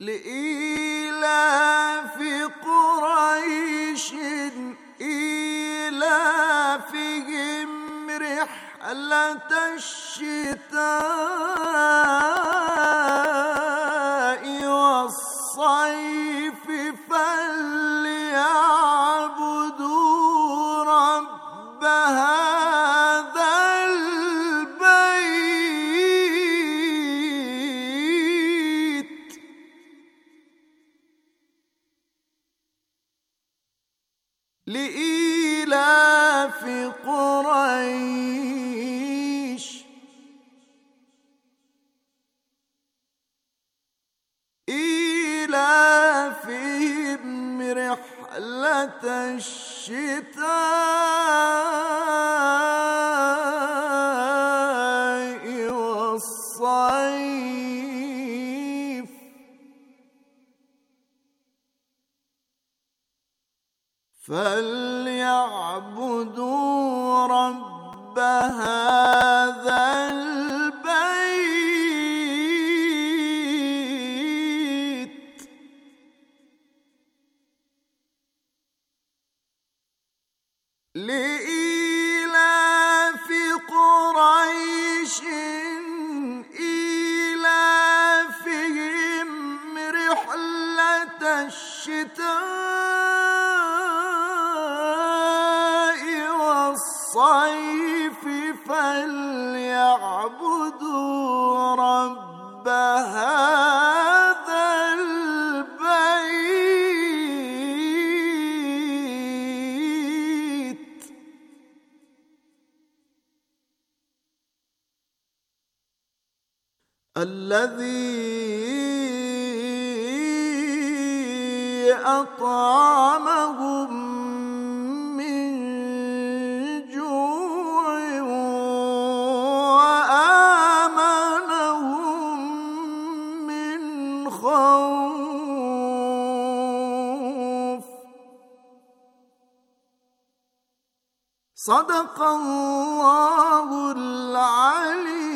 لإيلاف قريش إيلافهم رحلة الشتاء الشتاء الذي أطعمهم من جوع وآمنهم من خوف صدق الله العليم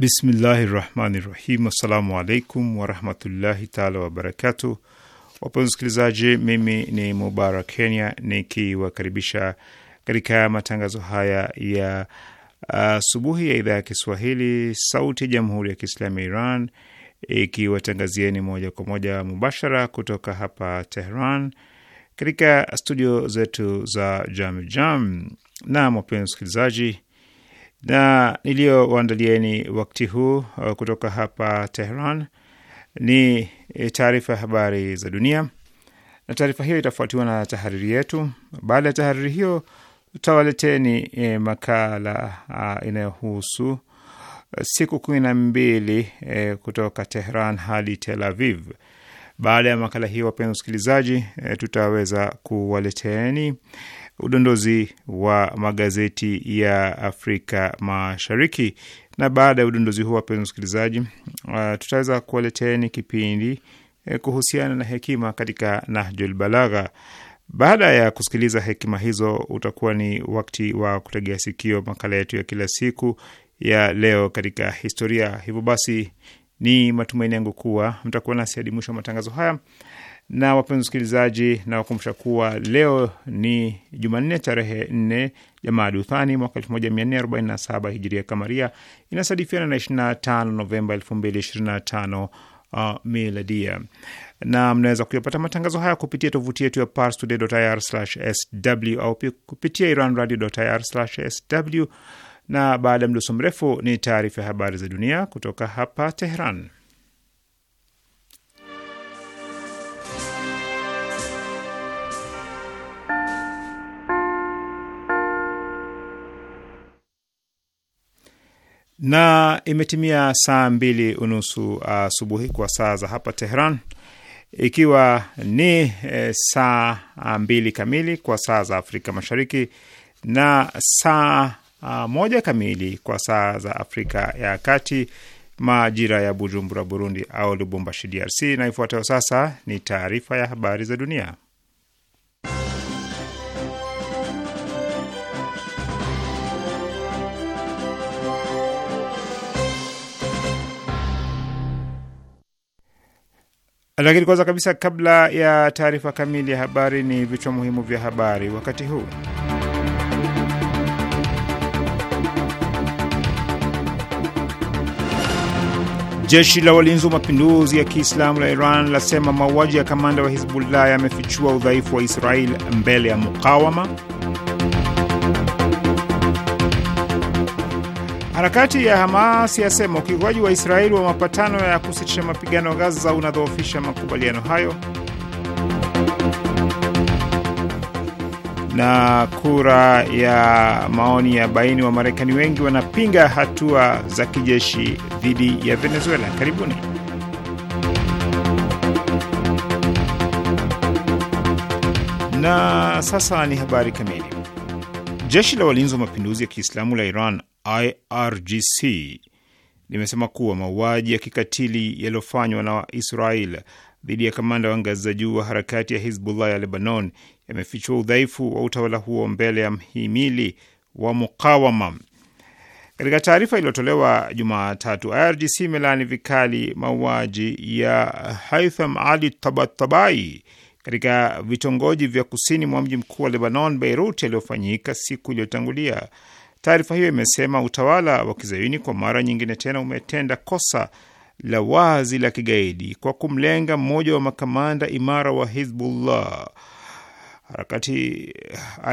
Bismillahi rahmani rahim. Assalamu alaikum warahmatullahi taala wabarakatuh. Wapenzi msikilizaji mimi ni Mubarak Kenya nikiwakaribisha katika matangazo haya ya asubuhi uh, ya idhaa ya Kiswahili sauti ya jamhuri ya Kiislamu ya Iran ikiwatangazieni moja kwa moja mubashara kutoka hapa Tehran katika studio zetu za Jamjam. Naam, wapenzi msikilizaji na niliyoandalieni wakati huu uh, kutoka hapa Tehran ni e, taarifa ya habari za dunia, na taarifa hiyo itafuatiwa na tahariri yetu. Baada ya tahariri hiyo, tutawaleteni e, makala inayohusu uh, siku kumi na mbili e, kutoka Tehran hadi Tel Aviv. Baada ya makala hiyo, wapenzi wasikilizaji, e, tutaweza kuwaleteni udondozi wa magazeti ya Afrika Mashariki, na baada ya udondozi huo, wapenzi msikilizaji, uh, tutaweza kuwaleteni kipindi eh, kuhusiana na hekima katika Nahjul Balagha. Baada ya kusikiliza hekima hizo, utakuwa ni wakati wa kutegea sikio makala yetu ya kila siku ya leo katika historia. Hivyo basi, ni matumaini yangu kuwa mtakuwa nasi hadi mwisho wa matangazo haya na wapenzi wasikilizaji, na wakumbusha kuwa leo ni Jumanne tarehe nne Jamadi Uthani mwaka saba hijiria kamaria, inasadifiana na 25 Novemba tano uh, miladia, na mnaweza kuyapata matangazo haya kupitia tovuti yetu ya parstoday.ir/sw au kupitia iranradio.ir/sw. Na baada ya mdoso mrefu ni taarifa ya habari za dunia kutoka hapa teheran na imetimia saa mbili unusu asubuhi uh, kwa saa za hapa Tehran, ikiwa ni e, saa ah, mbili kamili kwa saa za Afrika Mashariki na saa uh, moja kamili kwa saa za Afrika ya Kati, majira ya Bujumbura, Burundi au Lubumbashi, DRC. Na ifuatayo sasa ni taarifa ya habari za dunia. Lakini kwanza kabisa, kabla ya taarifa kamili ya habari, ni vichwa muhimu vya habari wakati huu. Jeshi la walinzi wa mapinduzi ya Kiislamu la Iran lasema mauaji ya kamanda wa Hizbullah yamefichua udhaifu wa Israel mbele ya mukawama. Harakati ya Hamas yasema ukiukaji wa Israeli wa mapatano ya kusitisha mapigano Gaza unadhoofisha makubaliano hayo. Na kura ya maoni ya baini, wa Marekani wengi wanapinga hatua za kijeshi dhidi ya Venezuela. Karibuni. Na sasa ni habari kamili. Jeshi la walinzi wa mapinduzi ya Kiislamu la Iran, IRGC, limesema kuwa mauaji ya kikatili yaliyofanywa na Israel dhidi ya kamanda wa ngazi za juu wa harakati ya Hizbullah ya Lebanon yamefichua udhaifu wa utawala huo mbele ya mhimili wa mukawama. Katika taarifa iliyotolewa Jumatatu, IRGC imelaani vikali mauaji ya Haitham Ali Tabatabai katika vitongoji vya kusini mwa mji mkuu wa Lebanon, Beirut, yaliyofanyika siku iliyotangulia. Taarifa hiyo imesema utawala wa kizayuni kwa mara nyingine tena umetenda kosa la wazi la kigaidi kwa kumlenga mmoja wa makamanda imara wa Hizbullah. Harakati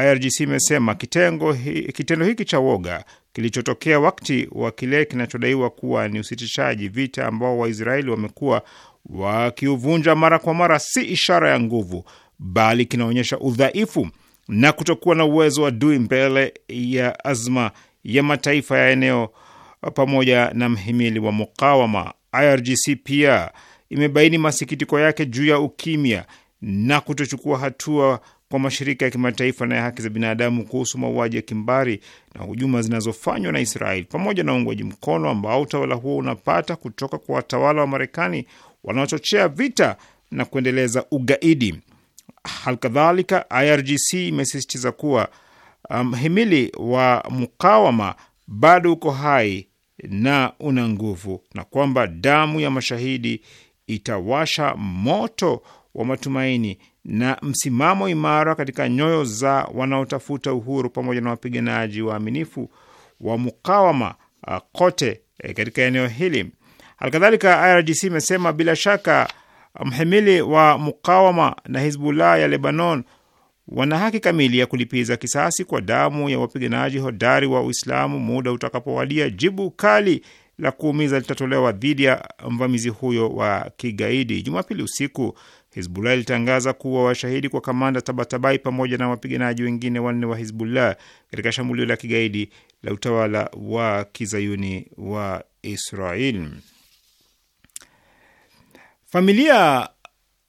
IRGC imesema kitendo hiki cha woga kilichotokea wakati wa kile kinachodaiwa kuwa ni usitishaji vita ambao Waisraeli wamekuwa wakiuvunja mara kwa mara, si ishara ya nguvu, bali kinaonyesha udhaifu na kutokuwa na uwezo wa adui mbele ya azma ya mataifa ya eneo pamoja na mhimili wa mukawama. IRGC pia imebaini masikitiko yake juu ya ukimya na kutochukua hatua kwa mashirika ya kimataifa na ya haki za binadamu kuhusu mauaji ya kimbari na hujuma zinazofanywa na Israeli pamoja na uungwaji mkono ambao utawala huo unapata kutoka kwa watawala wa Marekani wanaochochea vita na kuendeleza ugaidi. Halkadhalika, IRGC imesisitiza kuwa um, mhimili um, wa mukawama bado uko hai na una nguvu na kwamba damu ya mashahidi itawasha moto wa matumaini na msimamo imara katika nyoyo za wanaotafuta uhuru pamoja na wapiganaji waaminifu wa mukawama uh, kote eh, katika eneo hili. Halikadhalika, IRGC imesema bila shaka mhimili wa mukawama na Hizbullah ya Lebanon wana haki kamili ya kulipiza kisasi kwa damu ya wapiganaji hodari wa Uislamu muda utakapowadia. Jibu kali la kuumiza litatolewa dhidi ya mvamizi huyo wa kigaidi. Jumapili usiku Hizbullah ilitangaza kuwa washahidi kwa kamanda Tabatabai pamoja na wapiganaji wengine wanne wa Hizbullah katika shambulio la kigaidi la utawala wa kizayuni wa Israel. Familia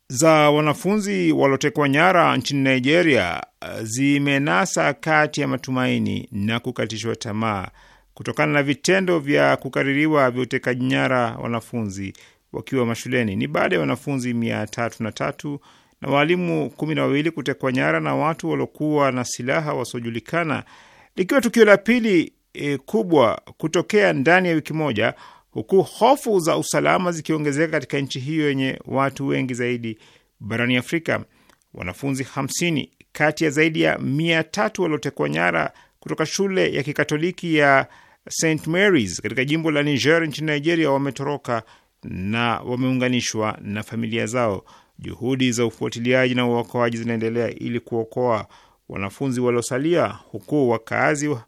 za wanafunzi waliotekwa nyara nchini Nigeria eh, zimenasa kati ya matumaini na kukatishwa tamaa kutokana na vitendo vya kukaririwa vya utekaji nyara wanafunzi wakiwa mashuleni. Ni baada ya wanafunzi mia tatu na tatu na waalimu kumi na wawili kutekwa nyara na watu waliokuwa na silaha wasiojulikana, likiwa tukio la pili e, kubwa kutokea ndani ya wiki moja huku hofu za usalama zikiongezeka katika nchi hiyo yenye watu wengi zaidi barani Afrika. Wanafunzi 50 kati ya zaidi ya mia tatu waliotekwa nyara kutoka shule ya kikatoliki ya St Mary's katika jimbo la Niger nchini Nigeria wametoroka na wameunganishwa na familia zao. Juhudi za ufuatiliaji na uokoaji zinaendelea ili kuokoa wanafunzi waliosalia, huku wakaazi uh,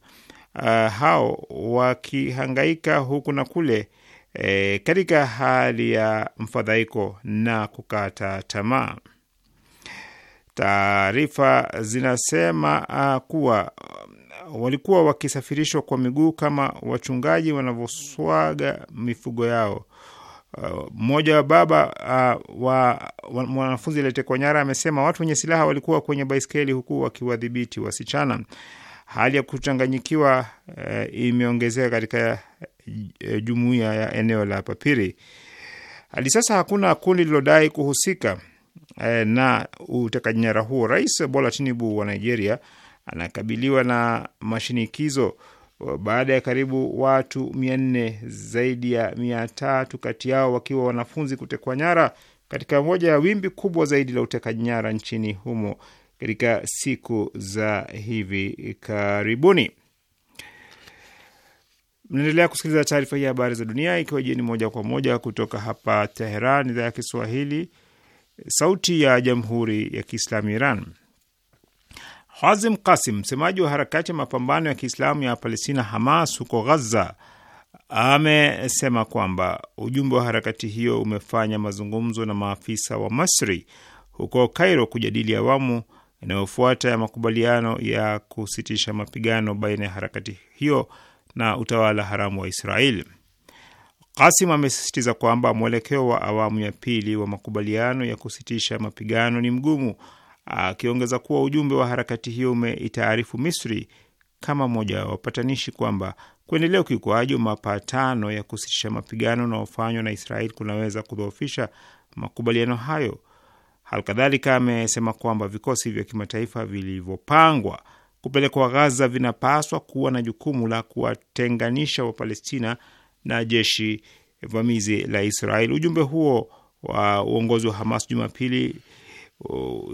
hao wakihangaika huku na kule e, katika hali ya mfadhaiko na kukata tamaa. Taarifa zinasema uh, kuwa um, walikuwa wakisafirishwa kwa miguu kama wachungaji wanavyoswaga mifugo yao. E, mmoja uh, wa baba uh, wa mwanafunzi aliyetekwa nyara amesema watu wenye silaha walikuwa kwenye baiskeli huku wakiwadhibiti wasichana hali ya kuchanganyikiwa uh, imeongezeka katika uh, jumuiya ya eneo la Papiri. Hadi sasa hakuna kundi lilodai kuhusika uh, na utekaji nyara huo. Rais Bola Tinubu wa Nigeria anakabiliwa na mashinikizo baada ya karibu watu mia nne zaidi ya mia tatu kati yao wakiwa wanafunzi kutekwa nyara katika moja ya wimbi kubwa zaidi la utekaji nyara nchini humo katika siku za hivi karibuni. Mnaendelea kusikiliza taarifa hii ya habari za dunia, ikiwa jieni moja kwa moja kutoka hapa Teheran, idhaa ya Kiswahili, sauti ya jamhuri ya kiislamu Iran. Hazim Kasim, msemaji wa harakati ya mapambano ya kiislamu ya Palestina, Hamas, huko Ghaza, amesema kwamba ujumbe wa harakati hiyo umefanya mazungumzo na maafisa wa Masri huko Kairo kujadili awamu inayofuata ya makubaliano ya kusitisha mapigano baina ya harakati hiyo na utawala haramu wa Israeli. Kasim amesisitiza kwamba mwelekeo wa awamu ya pili wa makubaliano ya kusitisha mapigano ni mgumu, akiongeza kuwa ujumbe wa harakati hiyo umeitaarifu Misri kama mmoja wa wapatanishi kwamba kuendelea ukiukwaji wa mapatano ya kusitisha mapigano unaofanywa na Israeli kunaweza kudhoofisha makubaliano hayo halkadhalika amesema kwamba vikosi vya kimataifa vilivyopangwa kupelekwa Ghaza vinapaswa kuwa na jukumu la kuwatenganisha Wapalestina na jeshi vamizi la Israeli. Ujumbe huo wa uongozi wa Hamas Jumapili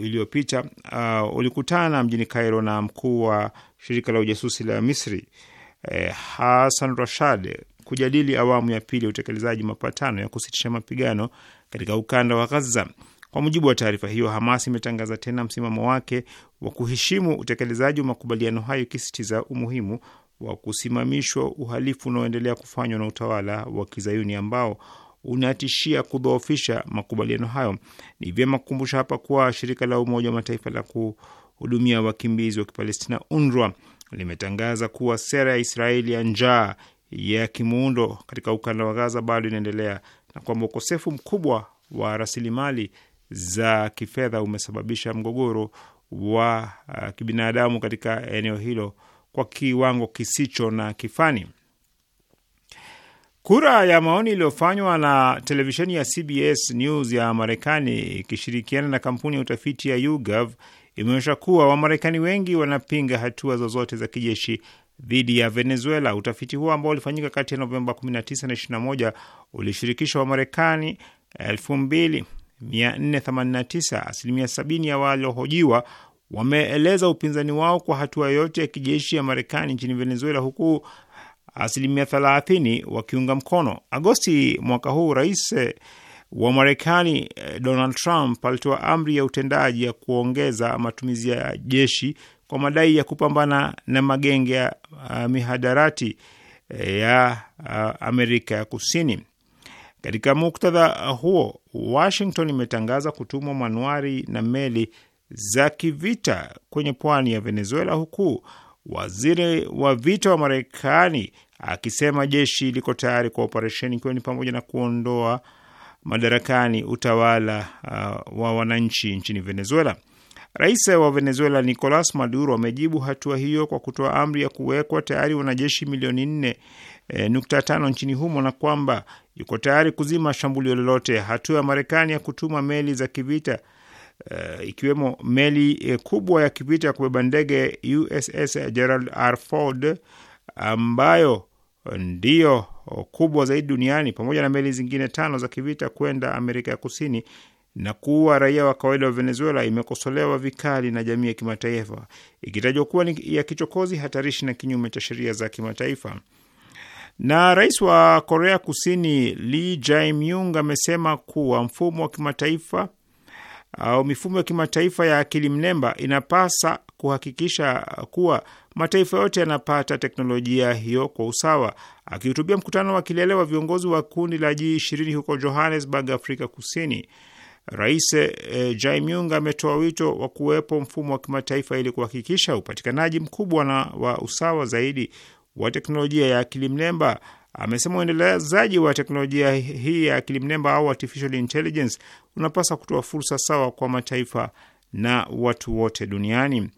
iliyopita uh, ulikutana mjini Cairo na mkuu wa shirika la ujasusi la Misri eh, Hasan Rashad kujadili awamu ya pili ya utekelezaji mapatano ya kusitisha mapigano katika ukanda wa Ghaza. Kwa mujibu wa taarifa hiyo, Hamas imetangaza tena msimamo wake wa kuheshimu utekelezaji wa makubaliano hayo, ikisitiza umuhimu wa kusimamishwa uhalifu unaoendelea kufanywa na utawala wa kizayuni ambao unatishia kudhoofisha makubaliano hayo. Ni vyema kukumbusha hapa kuwa shirika la Umoja wa Mataifa la kuhudumia wakimbizi wa Kipalestina, UNRWA, limetangaza kuwa sera ya Israeli ya njaa ya kimuundo katika ukanda wa Gaza bado inaendelea na kwamba ukosefu mkubwa wa rasilimali za kifedha umesababisha mgogoro wa uh, kibinadamu katika eneo hilo kwa kiwango kisicho na kifani. Kura ya maoni iliyofanywa na televisheni ya CBS News ya Marekani ikishirikiana na kampuni ya utafiti ya YouGov imeonyesha kuwa Wamarekani wengi wanapinga hatua zozote za kijeshi dhidi ya Venezuela. Utafiti huo ambao ulifanyika kati ya Novemba 19 na 21 ulishirikisha Wamarekani elfu mbili 489, asilimia 70 ya waliohojiwa wameeleza upinzani wao kwa hatua yote ya kijeshi ya Marekani nchini Venezuela, huku asilimia 30 wakiunga mkono. Agosti mwaka huu rais eh, wa Marekani eh, Donald Trump alitoa amri ya utendaji ya kuongeza matumizi ya jeshi kwa madai ya kupambana na magenge ya uh, mihadarati ya uh, Amerika ya Kusini. Katika muktadha huo, Washington imetangaza kutumwa manuari na meli za kivita kwenye pwani ya Venezuela, huku waziri wa vita wa Marekani akisema jeshi liko tayari kwa operesheni, ikiwa ni pamoja na kuondoa madarakani utawala uh, wa wananchi nchini Venezuela. Rais wa Venezuela Nicolas Maduro amejibu hatua hiyo kwa kutoa amri ya kuwekwa tayari wanajeshi milioni nne eh, nukta tano nchini humo na kwamba yuko tayari kuzima shambulio lolote. Hatua ya Marekani ya kutuma meli za kivita uh, ikiwemo meli eh, kubwa ya kivita ya kubeba ndege USS Gerald R. Ford ambayo ndiyo kubwa zaidi duniani pamoja na meli zingine tano za kivita kwenda Amerika ya Kusini na kuua raia wa kawaida wa Venezuela imekosolewa vikali na jamii ya kimataifa ikitajwa kuwa ni ya kichokozi, hatarishi na kinyume cha sheria za kimataifa. Na rais wa Korea Kusini Lee Jae-myung amesema kuwa mfumo wa kimataifa au mifumo ya kimataifa ya akili mnemba inapasa kuhakikisha kuwa mataifa yote yanapata teknolojia hiyo kwa usawa. Akihutubia mkutano wa kilele wa viongozi wa kundi la G20 huko Johannesburg, Afrika Kusini, Rais e, eh, Jaimyung ametoa wito wa kuwepo mfumo wa kimataifa ili kuhakikisha upatikanaji mkubwa na wa usawa zaidi wa teknolojia ya akili mnemba amesema uendelezaji wa teknolojia hii ya akili mnemba au artificial intelligence unapaswa kutoa fursa sawa kwa mataifa na watu wote duniani.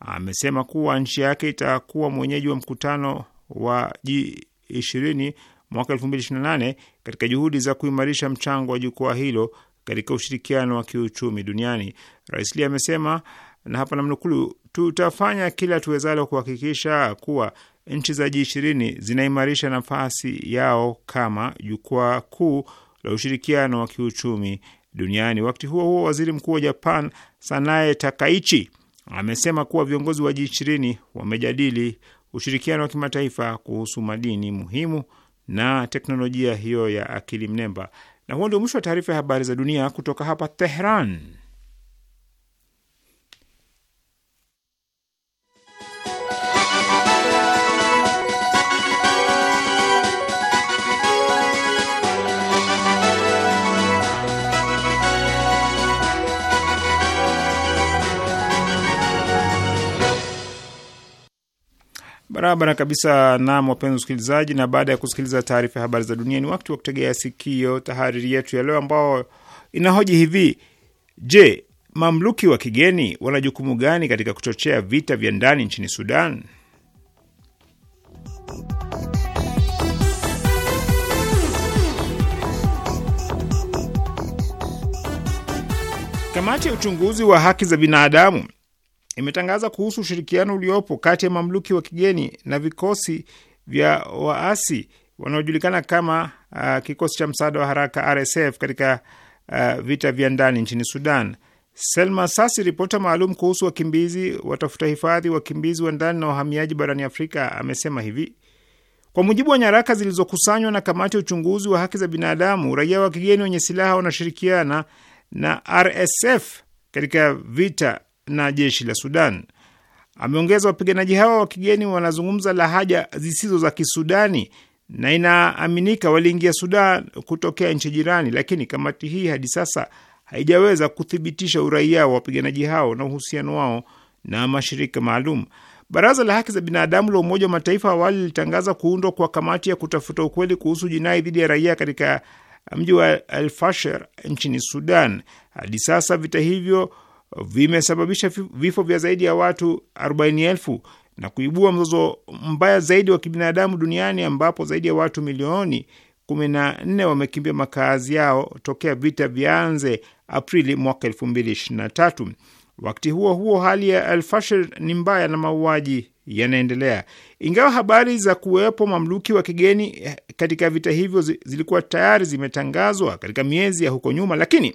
Amesema kuwa nchi yake itakuwa mwenyeji wa mkutano wa G20 mwaka 2028 katika juhudi za kuimarisha mchango wa jukwaa hilo katika ushirikiano wa kiuchumi duniani. Rais Lee amesema, na hapa namnukuu, tutafanya kila tuwezalo kuhakikisha kuwa nchi za ji ishirini zinaimarisha nafasi yao kama jukwaa kuu la ushirikiano wa kiuchumi duniani. Wakati huo huo, waziri mkuu wa Japan Sanae Takaichi amesema kuwa viongozi wa ji ishirini wamejadili ushirikiano wa kimataifa kuhusu madini muhimu na teknolojia hiyo ya akili mnemba. Na huo ndio mwisho wa taarifa ya habari za dunia kutoka hapa Tehran. Barabara kabisa. Naam, wapenzi wasikilizaji, na baada ya kusikiliza taarifa ya habari za dunia, ni wakati wa kutegea sikio tahariri yetu ya leo, ambao inahoji hivi: Je, mamluki wa kigeni wana jukumu gani katika kuchochea vita vya ndani nchini Sudan? Kamati ya uchunguzi wa haki za binadamu imetangaza kuhusu ushirikiano uliopo kati ya mamluki wa kigeni na vikosi vya waasi wanaojulikana kama uh, kikosi cha msaada wa haraka RSF katika uh, vita vya ndani nchini Sudan. Selma Sasi, ripota maalum kuhusu wakimbizi, watafuta hifadhi, wakimbizi wa ndani na wahamiaji barani Afrika, amesema hivi: kwa mujibu wa nyaraka zilizokusanywa na kamati ya uchunguzi wa haki za binadamu, raia wa kigeni wenye silaha wanashirikiana na RSF katika vita na jeshi la Sudan. Ameongeza wapiganaji hao wa kigeni wanazungumza lahaja zisizo za Kisudani na inaaminika waliingia Sudan kutokea nchi jirani, lakini kamati hii hadi sasa haijaweza kuthibitisha uraia wa wapiganaji hao na uhusiano wao na mashirika maalum. Baraza la haki za binadamu la Umoja wa Mataifa awali lilitangaza kuundwa kwa kamati ya kutafuta ukweli kuhusu jinai dhidi ya raia katika mji wa Al Fasher nchini Sudan. Hadi sasa vita hivyo vimesababisha vifo vya zaidi ya watu 40,000 na kuibua mzozo mbaya zaidi wa kibinadamu duniani ambapo zaidi ya watu milioni 14 wamekimbia makazi yao tokea vita vyanze Aprili mwaka 2023. Wakati huo huo, hali ya Alfashir ni mbaya na mauaji yanaendelea. Ingawa habari za kuwepo mamluki wa kigeni eh, katika vita hivyo zilikuwa tayari zimetangazwa katika miezi ya huko nyuma, lakini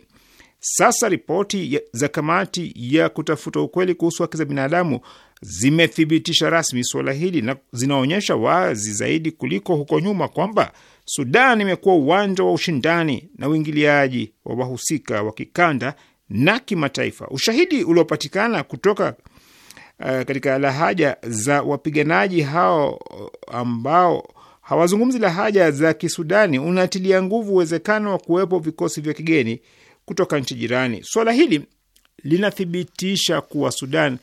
sasa ripoti za kamati ya kutafuta ukweli kuhusu haki za binadamu zimethibitisha rasmi suala hili na zinaonyesha wazi zaidi kuliko huko nyuma kwamba Sudan imekuwa uwanja wa ushindani na uingiliaji wa wahusika wa kikanda na kimataifa. Ushahidi uliopatikana kutoka uh, katika lahaja za wapiganaji hao ambao hawazungumzi lahaja za Kisudani unatilia nguvu uwezekano wa kuwepo vikosi vya kigeni kutoka nchi jirani. Suala hili linathibitisha kuwa Sudan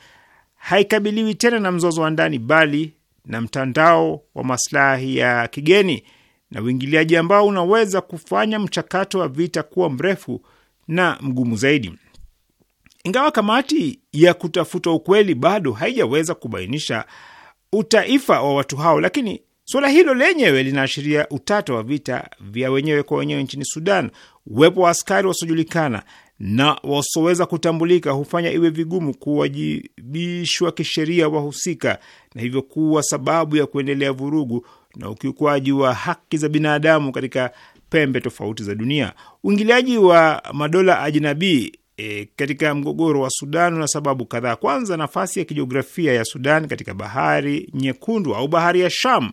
haikabiliwi tena na mzozo wa ndani, bali na mtandao wa maslahi ya kigeni na uingiliaji ambao unaweza kufanya mchakato wa vita kuwa mrefu na mgumu zaidi. Ingawa kamati ya kutafuta ukweli bado haijaweza kubainisha utaifa wa watu hao, lakini Suala hilo lenyewe linaashiria utata wa vita vya wenyewe kwa wenyewe nchini Sudan. Uwepo wa askari wasiojulikana na wasoweza kutambulika hufanya iwe vigumu kuwajibishwa kisheria wahusika na hivyo kuwa sababu ya kuendelea vurugu na ukiukwaji wa haki za binadamu katika pembe tofauti za dunia. Uingiliaji wa madola ajinabii e, katika mgogoro wa Sudan una sababu kadhaa. Kwanza, nafasi ya kijiografia ya Sudan katika bahari Nyekundu au bahari ya Sham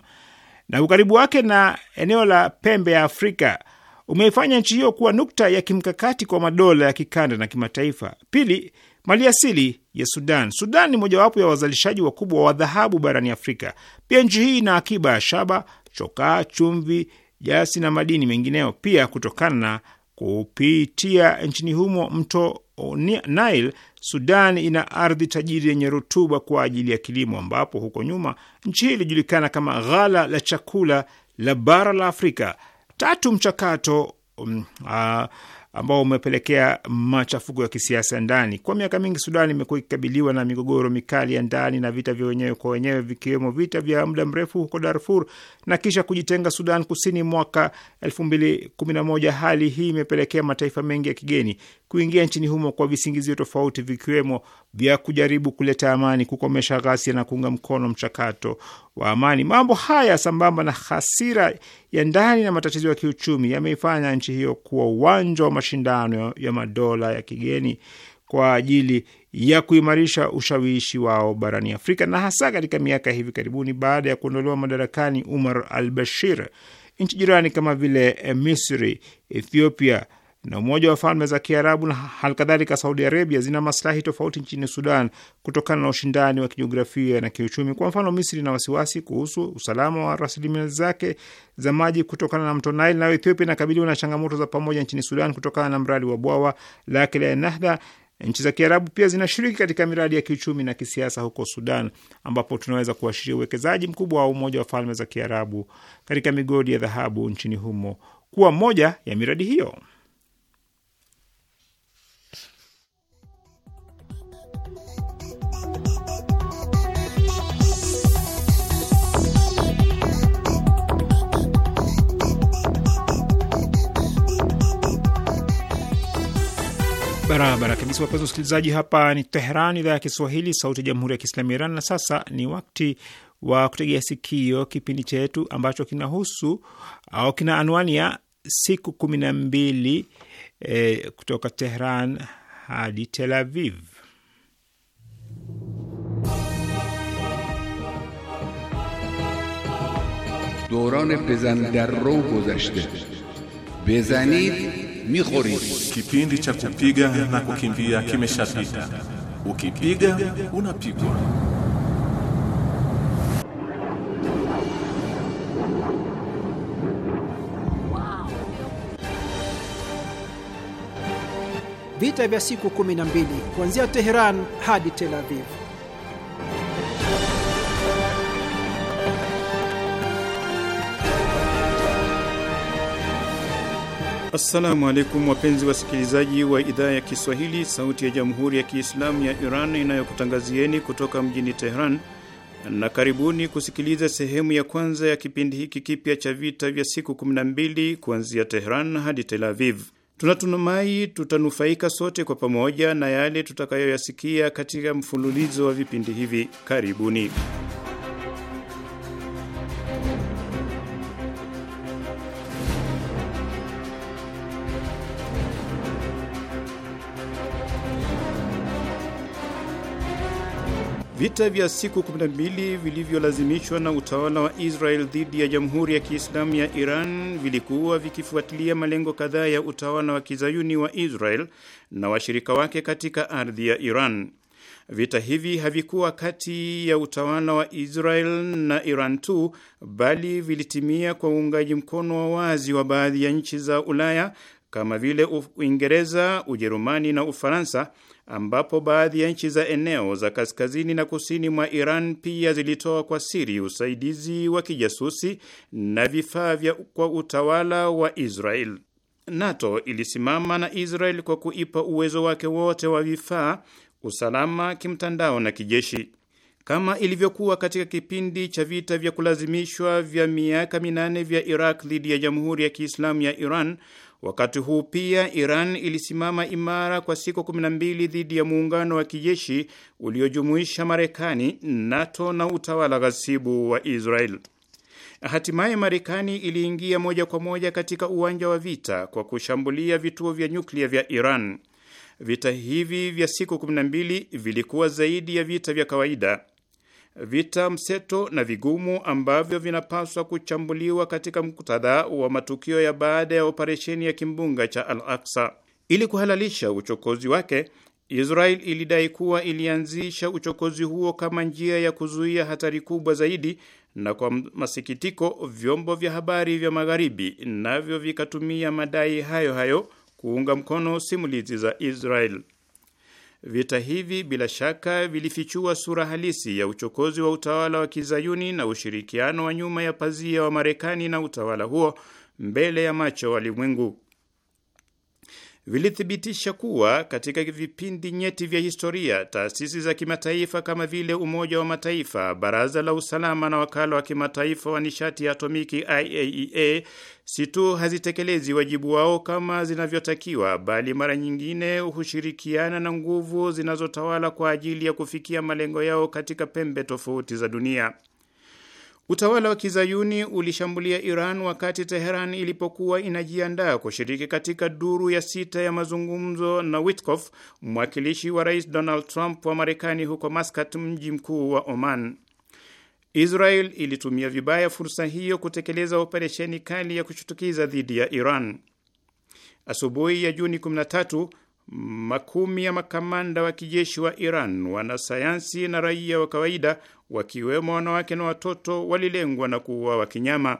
na ukaribu wake na eneo la pembe ya Afrika umeifanya nchi hiyo kuwa nukta ya kimkakati kwa madola ya kikanda na kimataifa. Pili, maliasili ya Sudan. Sudan ni mojawapo ya wazalishaji wakubwa wa dhahabu barani Afrika. Pia nchi hii ina akiba ya shaba, chokaa, chumvi, jasi na madini mengineo, pia kutokana na kupitia nchini humo mto Nile, Sudan ina ardhi tajiri yenye rutuba kwa ajili ya kilimo, ambapo huko nyuma nchi hii ilijulikana kama ghala la chakula la bara la Afrika. Tatu, mchakato um, uh, ambao umepelekea machafuko ya kisiasa ndani. Kwa miaka mingi, Sudan imekuwa ikikabiliwa na migogoro mikali ya ndani na vita vya wenyewe kwa wenyewe, vikiwemo vita vya muda mrefu huko Darfur na kisha kujitenga Sudan Kusini mwaka 2011. Hali hii imepelekea mataifa mengi ya kigeni kuingia nchini humo kwa visingizio tofauti, vikiwemo vya kujaribu kuleta amani, kukomesha ghasia na kuunga mkono mchakato wa amani. Mambo haya sambamba na hasira ya ndani na matatizo ya kiuchumi yameifanya nchi hiyo kuwa uwanja wa mashindano ya madola ya kigeni kwa ajili ya kuimarisha ushawishi wao barani Afrika na hasa katika miaka hivi karibuni baada ya kuondolewa madarakani Umar al-Bashir. Nchi jirani kama vile eh, Misri, Ethiopia, na Umoja wa Falme za Kiarabu na halikadhalika Saudi Arabia zina maslahi tofauti nchini Sudan kutokana na ushindani wa kijiografia na kiuchumi. Kwa mfano, Misri ina wasiwasi kuhusu usalama wa rasilimali zake za maji kutokana na mto Nile, nayo Ethiopia inakabiliwa na changamoto za pamoja nchini Sudan kutokana na mradi wa bwawa lake la Nahda. Nchi za Kiarabu pia zinashiriki katika miradi ya kiuchumi na kisiasa huko Sudan, ambapo tunaweza kuashiria uwekezaji mkubwa wa Umoja wa Falme za Kiarabu katika migodi ya dhahabu nchini humo kuwa moja ya miradi hiyo. Barabara kabisa, wapenzi wasikilizaji, hapa ni Tehran, idhaa ya Kiswahili, sauti ya jamhuri ya kiislamu ya Iran. Na sasa ni wakati wa kutegea sikio kipindi chetu ambacho kinahusu au kina anwani ya siku kumi na mbili eh, kutoka Tehran hadi Tel Aviv. dorane pezan darro gozashte bezanid Mighori. Kipindi cha kupiga na kukimbia kimeshapita, ukipiga unapigwa. Vita vya siku 12 kuanzia Teheran hadi Tel Aviv. Assalamu alaikum wapenzi wasikilizaji wa idhaa ya Kiswahili, sauti ya jamhuri ya kiislamu ya Iran inayokutangazieni kutoka mjini tehran na karibuni kusikiliza sehemu ya kwanza ya kipindi hiki kipya cha vita vya siku 12 kuanzia Teheran hadi Tel Aviv. Tunatumai tutanufaika sote kwa pamoja na yale tutakayoyasikia katika mfululizo wa vipindi hivi. Karibuni. Vita vya siku 12 vilivyolazimishwa na utawala wa Israel dhidi ya Jamhuri ya Kiislamu ya Iran vilikuwa vikifuatilia malengo kadhaa ya utawala wa kizayuni wa Israel na washirika wake katika ardhi ya Iran. Vita hivi havikuwa kati ya utawala wa Israel na Iran tu, bali vilitimia kwa uungaji mkono wa wazi wa baadhi ya nchi za Ulaya kama vile Uingereza, Ujerumani na Ufaransa ambapo baadhi ya nchi za eneo za kaskazini na kusini mwa Iran pia zilitoa kwa siri usaidizi wa kijasusi na vifaa vya kwa utawala wa Israel. NATO ilisimama na Israel kwa kuipa uwezo wake wote wa vifaa, usalama kimtandao na kijeshi. Kama ilivyokuwa katika kipindi cha vita vya kulazimishwa vya miaka minane vya Iraq dhidi ya Jamhuri ya Kiislamu ya Iran, Wakati huu pia Iran ilisimama imara kwa siku 12 dhidi ya muungano wa kijeshi uliojumuisha Marekani, NATO na utawala ghasibu wa Israel. Hatimaye Marekani iliingia moja kwa moja katika uwanja wa vita kwa kushambulia vituo vya nyuklia vya Iran. Vita hivi vya siku 12 vilikuwa zaidi ya vita vya kawaida vita mseto na vigumu ambavyo vinapaswa kuchambuliwa katika muktadha wa matukio ya baada ya operesheni ya kimbunga cha al aksa Ili kuhalalisha uchokozi wake, Israel ilidai kuwa ilianzisha uchokozi huo kama njia ya kuzuia hatari kubwa zaidi, na kwa masikitiko, vyombo vya habari vya Magharibi navyo vikatumia madai hayo hayo kuunga mkono simulizi za Israel. Vita hivi bila shaka vilifichua sura halisi ya uchokozi wa utawala wa kizayuni na ushirikiano wa nyuma ya pazia wa Marekani na utawala huo mbele ya macho walimwengu vilithibitisha kuwa katika vipindi nyeti vya historia taasisi za kimataifa kama vile Umoja wa Mataifa, Baraza la Usalama na Wakala wa Kimataifa wa Nishati ya Atomiki IAEA e si tu hazitekelezi wajibu wao kama zinavyotakiwa, bali mara nyingine hushirikiana na nguvu zinazotawala kwa ajili ya kufikia malengo yao katika pembe tofauti za dunia. Utawala wa kizayuni ulishambulia Iran wakati Teheran ilipokuwa inajiandaa kushiriki katika duru ya sita ya mazungumzo na Witkoff, mwakilishi wa rais Donald Trump wa Marekani, huko Maskat, mji mkuu wa Oman. Israel ilitumia vibaya fursa hiyo kutekeleza operesheni kali ya kushutukiza dhidi ya Iran. Asubuhi ya Juni 13 makumi ya makamanda wa kijeshi wa Iran, wanasayansi na raia wa kawaida, wakiwemo wanawake na watoto, walilengwa na kuuawa kinyama.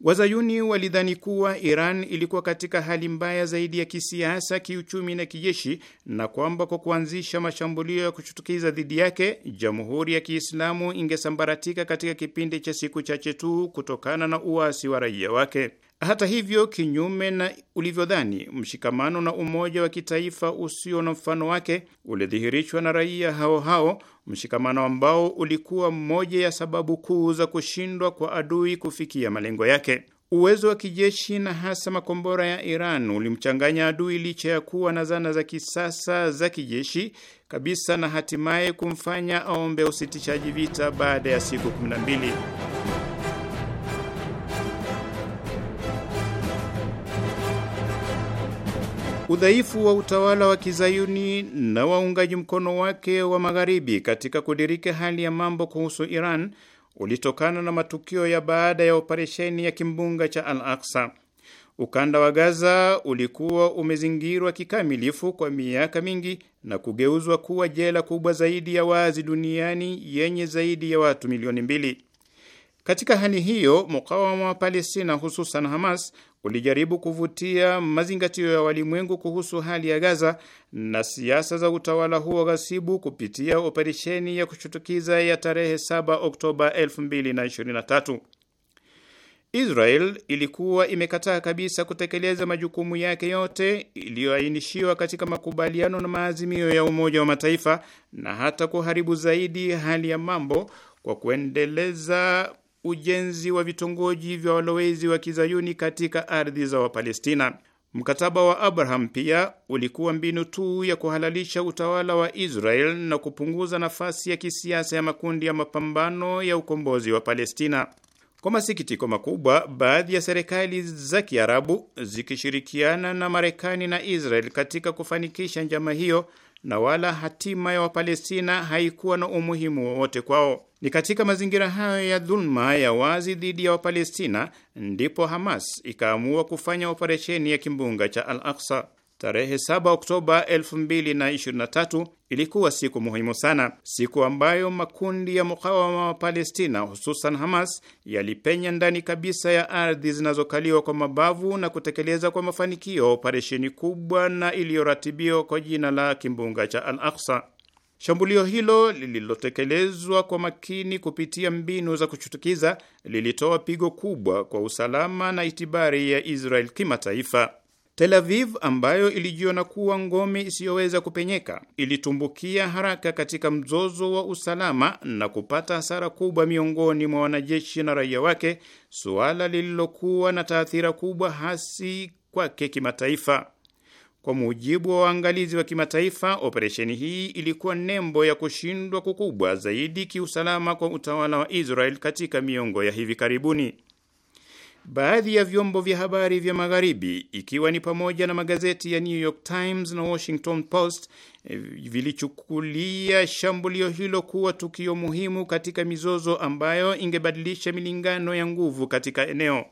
Wazayuni walidhani kuwa Iran ilikuwa katika hali mbaya zaidi ya kisiasa, kiuchumi na kijeshi, na kwamba kwa kuanzisha mashambulio ya kushutukiza dhidi yake, jamhuri ya Kiislamu ingesambaratika katika kipindi cha siku chache tu kutokana na uasi wa raia wake. Hata hivyo, kinyume na ulivyodhani, mshikamano na umoja wa kitaifa usio na mfano wake ulidhihirishwa na raia hao hao, mshikamano ambao ulikuwa moja ya sababu kuu za kushindwa kwa adui kufikia malengo yake. Uwezo wa kijeshi na hasa makombora ya Iran ulimchanganya adui licha ya kuwa na zana za kisasa za kijeshi kabisa na hatimaye kumfanya aombe usitishaji vita baada ya siku 12. Udhaifu wa utawala wa kizayuni na waungaji mkono wake wa magharibi katika kudirika hali ya mambo kuhusu Iran ulitokana na matukio ya baada ya operesheni ya kimbunga cha Al-Aqsa. Ukanda wa Gaza ulikuwa umezingirwa kikamilifu kwa miaka mingi na kugeuzwa kuwa jela kubwa zaidi ya wazi duniani yenye zaidi ya watu milioni mbili. Katika hali hiyo, mukawama wa Palestina, hususan Hamas, ulijaribu kuvutia mazingatio ya walimwengu kuhusu hali ya Gaza na siasa za utawala huo ghasibu kupitia operesheni ya kushutukiza ya tarehe 7 Oktoba 2023. Israel ilikuwa imekataa kabisa kutekeleza majukumu yake yote iliyoainishiwa katika makubaliano na maazimio ya Umoja wa Mataifa na hata kuharibu zaidi hali ya mambo kwa kuendeleza ujenzi wa vitongoji vya walowezi wa kizayuni katika ardhi za Wapalestina. Mkataba wa Abraham pia ulikuwa mbinu tu ya kuhalalisha utawala wa Israel na kupunguza nafasi ya kisiasa ya makundi ya mapambano ya ukombozi wa Palestina. Kwa masikitiko makubwa, baadhi ya serikali za Kiarabu zikishirikiana na Marekani na Israel katika kufanikisha njama hiyo na wala hatima ya Wapalestina haikuwa na umuhimu wowote kwao. Ni katika mazingira hayo ya dhuluma ya wazi dhidi ya Wapalestina ndipo Hamas ikaamua kufanya operesheni ya kimbunga cha Al Aksa. Tarehe 7 Oktoba 2023 ilikuwa siku muhimu sana, siku ambayo makundi ya mukawama wa Palestina hususan Hamas yalipenya ndani kabisa ya ardhi zinazokaliwa kwa mabavu na kutekeleza kwa mafanikio operesheni kubwa na iliyoratibiwa kwa jina la Kimbunga cha Al-Aqsa. Shambulio hilo lililotekelezwa kwa makini kupitia mbinu za kuchutukiza lilitoa pigo kubwa kwa usalama na itibari ya Israel kimataifa. Tel Aviv ambayo ilijiona kuwa ngome isiyoweza kupenyeka ilitumbukia haraka katika mzozo wa usalama na kupata hasara kubwa miongoni mwa wanajeshi na raia wake, suala lililokuwa na taathira kubwa hasi kwake kimataifa. Kwa mujibu wa waangalizi wa kimataifa, operesheni hii ilikuwa nembo ya kushindwa kukubwa zaidi kiusalama kwa utawala wa Israel katika miongo ya hivi karibuni. Baadhi ya vyombo vya habari vya magharibi ikiwa ni pamoja na magazeti ya New York Times na Washington Post eh, vilichukulia shambulio hilo kuwa tukio muhimu katika mizozo ambayo ingebadilisha milingano ya nguvu katika eneo.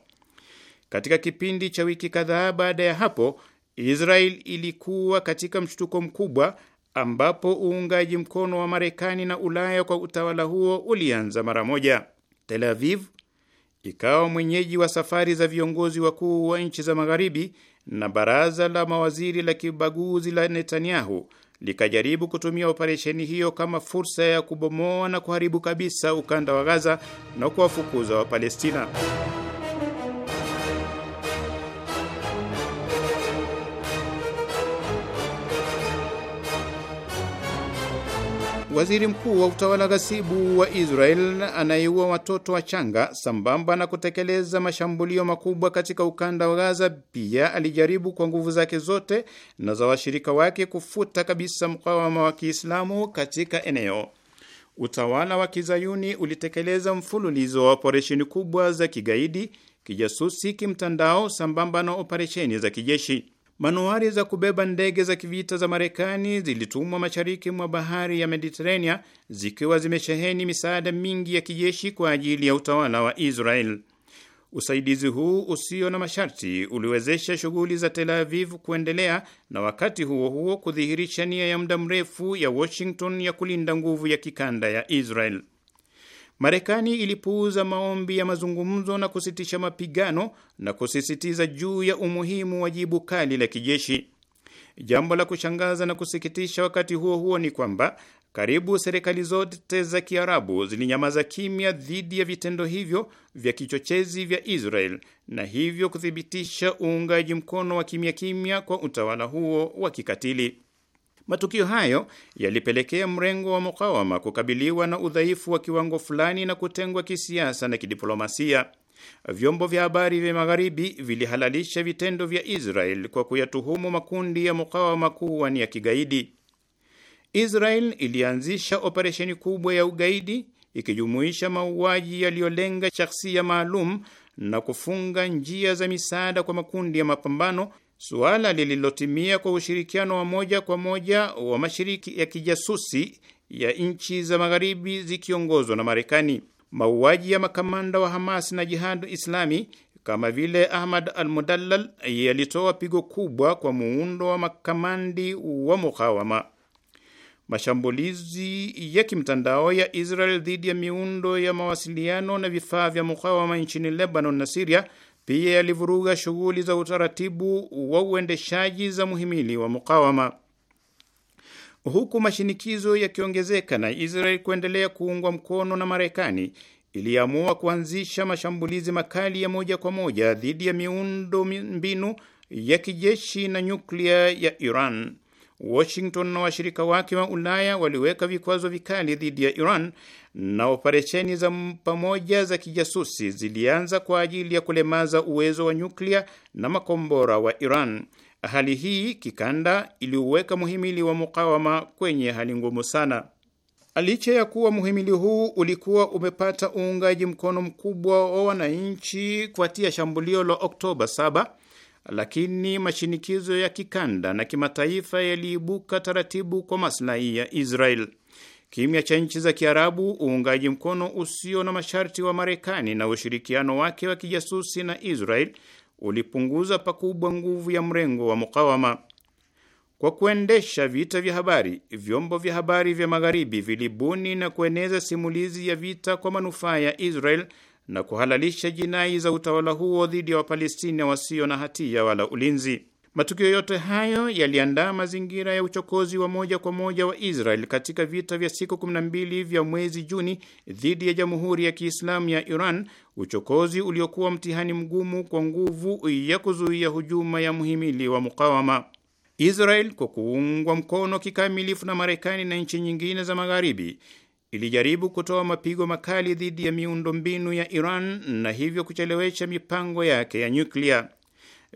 Katika kipindi cha wiki kadhaa baada ya hapo, Israel ilikuwa katika mshtuko mkubwa ambapo uungaji mkono wa Marekani na Ulaya kwa utawala huo ulianza mara moja. Tel Aviv ikawa mwenyeji wa safari za viongozi wakuu wa nchi za Magharibi, na baraza la mawaziri la kibaguzi la Netanyahu likajaribu kutumia operesheni hiyo kama fursa ya kubomoa na kuharibu kabisa ukanda wa Gaza na kuwafukuza Wapalestina. Waziri mkuu wa utawala ghasibu wa Israel anayeua watoto wachanga sambamba na kutekeleza mashambulio makubwa katika ukanda wa Gaza pia alijaribu kwa nguvu zake zote na za washirika wake kufuta kabisa mkawama wa Kiislamu katika eneo. Utawala wa Kizayuni ulitekeleza mfululizo wa operesheni kubwa za kigaidi, kijasusi, kimtandao sambamba na operesheni za kijeshi. Manuari za kubeba ndege za kivita za Marekani zilitumwa mashariki mwa bahari ya Mediterania zikiwa zimesheheni misaada mingi ya kijeshi kwa ajili ya utawala wa Israel. Usaidizi huu usio na masharti uliwezesha shughuli za Tel Aviv kuendelea na wakati huo huo kudhihirisha nia ya muda mrefu ya Washington ya kulinda nguvu ya kikanda ya Israel. Marekani ilipuuza maombi ya mazungumzo na kusitisha mapigano na kusisitiza juu ya umuhimu wa jibu kali la kijeshi. Jambo la kushangaza na kusikitisha wakati huo huo ni kwamba karibu serikali zote za Kiarabu zilinyamaza kimya dhidi ya vitendo hivyo vya kichochezi vya Israel na hivyo kuthibitisha uungaji mkono wa kimya kimya kwa utawala huo wa kikatili. Matukio hayo yalipelekea mrengo wa mukawama kukabiliwa na udhaifu wa kiwango fulani na kutengwa kisiasa na kidiplomasia. Vyombo vya habari vya Magharibi vilihalalisha vitendo vya Israel kwa kuyatuhumu makundi ya mukawama kuwa ni ya kigaidi. Israel ilianzisha operesheni kubwa ya ugaidi ikijumuisha mauaji yaliyolenga shakhsia maalum na kufunga njia za misaada kwa makundi ya mapambano suala lililotimia kwa ushirikiano wa moja kwa moja wa mashiriki ya kijasusi ya nchi za magharibi zikiongozwa na Marekani. Mauaji ya makamanda wa Hamas na Jihadu Islami kama vile Ahmad al-Mudallal yalitoa pigo kubwa kwa muundo wa makamandi wa mukawama. Mashambulizi ya kimtandao ya Israel dhidi ya miundo ya mawasiliano na vifaa vya mukawama nchini Lebanon na Siria pia yalivuruga shughuli za utaratibu wa uendeshaji za muhimili wa mukawama, huku mashinikizo yakiongezeka na Israel kuendelea kuungwa mkono na Marekani iliamua kuanzisha mashambulizi makali ya moja kwa moja dhidi ya miundo mbinu ya kijeshi na nyuklia ya Iran. Washington na washirika wake wa Ulaya waliweka vikwazo vikali dhidi ya Iran na operesheni za pamoja za kijasusi zilianza kwa ajili ya kulemaza uwezo wa nyuklia na makombora wa Iran. Hali hii kikanda iliuweka muhimili wa mukawama kwenye hali ngumu sana. Licha ya kuwa muhimili huu ulikuwa umepata uungaji mkono mkubwa wa wananchi kuatia shambulio la Oktoba 7, lakini mashinikizo ya kikanda na kimataifa yaliibuka taratibu kwa maslahi ya Israel kimya cha nchi za Kiarabu, uungaji mkono usio na masharti wa Marekani na ushirikiano wake wa kijasusi na Israel ulipunguza pakubwa nguvu ya mrengo wa mukawama. Kwa kuendesha vita vya habari, vyombo vya habari vya Magharibi vilibuni na kueneza simulizi ya vita kwa manufaa ya Israel na kuhalalisha jinai za utawala huo dhidi ya Wapalestina wasio na hatia wala ulinzi. Matukio yote hayo yaliandaa mazingira ya uchokozi wa moja kwa moja wa Israel katika vita vya siku 12 vya mwezi Juni dhidi ya Jamhuri ya Kiislamu ya Iran, uchokozi uliokuwa mtihani mgumu kwa nguvu ya kuzuia hujuma ya muhimili wa mukawama. Israel kwa kuungwa mkono kikamilifu na Marekani na nchi nyingine za Magharibi ilijaribu kutoa mapigo makali dhidi ya miundombinu ya Iran na hivyo kuchelewesha mipango yake ya nyuklia.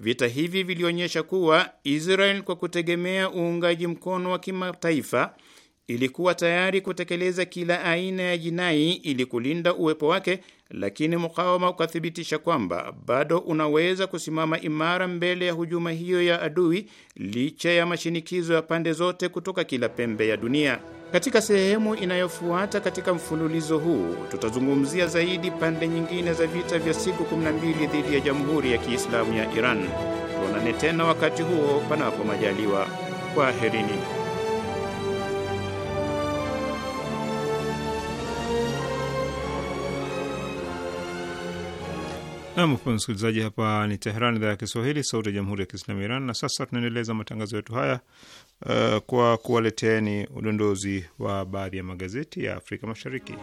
Vita hivi vilionyesha kuwa Israel kwa kutegemea uungaji mkono wa kimataifa ilikuwa tayari kutekeleza kila aina ya jinai ili kulinda uwepo wake, lakini mukawama ukathibitisha kwamba bado unaweza kusimama imara mbele ya hujuma hiyo ya adui, licha ya mashinikizo ya pande zote kutoka kila pembe ya dunia. Katika sehemu inayofuata katika mfululizo huu tutazungumzia zaidi pande nyingine za vita vya siku 12 dhidi ya Jamhuri ya Kiislamu ya Iran. Tuonane tena wakati huo, panapo majaliwa. Kwaherini. Nam kwa msikilizaji, hapa ni Teheran, idhaa ya Kiswahili, sauti ya jamhuri ya kiislamu Iran. Na sasa tunaendeleza matangazo yetu haya uh, kwa kuwaleteni udondozi wa baadhi ya magazeti ya Afrika Mashariki.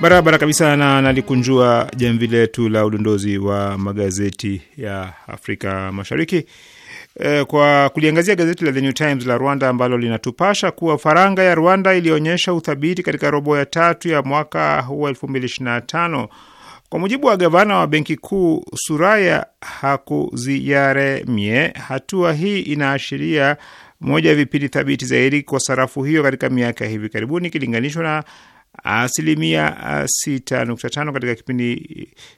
Barabara kabisa na nalikunjua jamvi letu la udondozi wa magazeti ya Afrika Mashariki Eh, kwa kuliangazia gazeti la The New Times la Rwanda ambalo linatupasha kuwa faranga ya Rwanda ilionyesha uthabiti katika robo ya tatu ya mwaka huu 2025. Kwa mujibu wa gavana wa benki kuu Suraya Hakuziyaremye, hatua hii inaashiria moja ya vipindi thabiti zaidi kwa sarafu hiyo katika miaka ya hivi karibuni ikilinganishwa na asilimia 6.5 uh, katika kipindi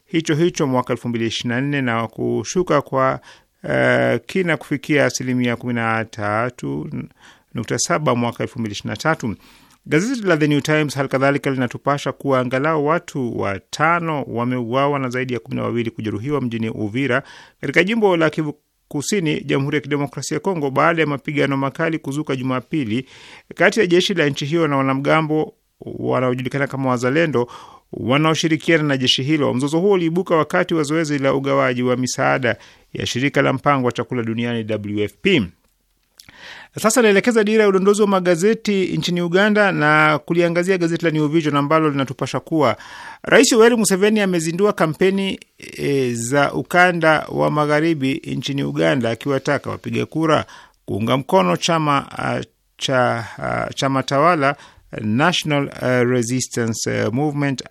hicho hicho mwaka 2024 na kushuka kwa Eh, kina kufikia asilimia kumi mwaka elfu mbili na tatu. Gazeti la The New Times halikadhalika linatupasha kuwa angalau watu watano wameuawa na zaidi ya kumi na wawili kujeruhiwa mjini Uvira katika jimbo la Kivu Kusini, Jamhuri ya Kidemokrasia ya Kongo, baada ya mapigano makali kuzuka Jumapili kati ya jeshi la nchi hiyo na wanamgambo wanaojulikana kama Wazalendo wanaoshirikiana na jeshi hilo. Mzozo huo uliibuka wakati wa zoezi la ugawaji wa misaada ya shirika la mpango wa chakula duniani WFP. Sasa naelekeza dira ya udondozi wa magazeti nchini Uganda na kuliangazia gazeti la New Vision ambalo linatupasha kuwa Rais Yoweri Museveni amezindua kampeni e, za ukanda wa magharibi nchini Uganda akiwataka wapiga kura kuunga mkono chama a, cha a, chama tawala National Resistance Movement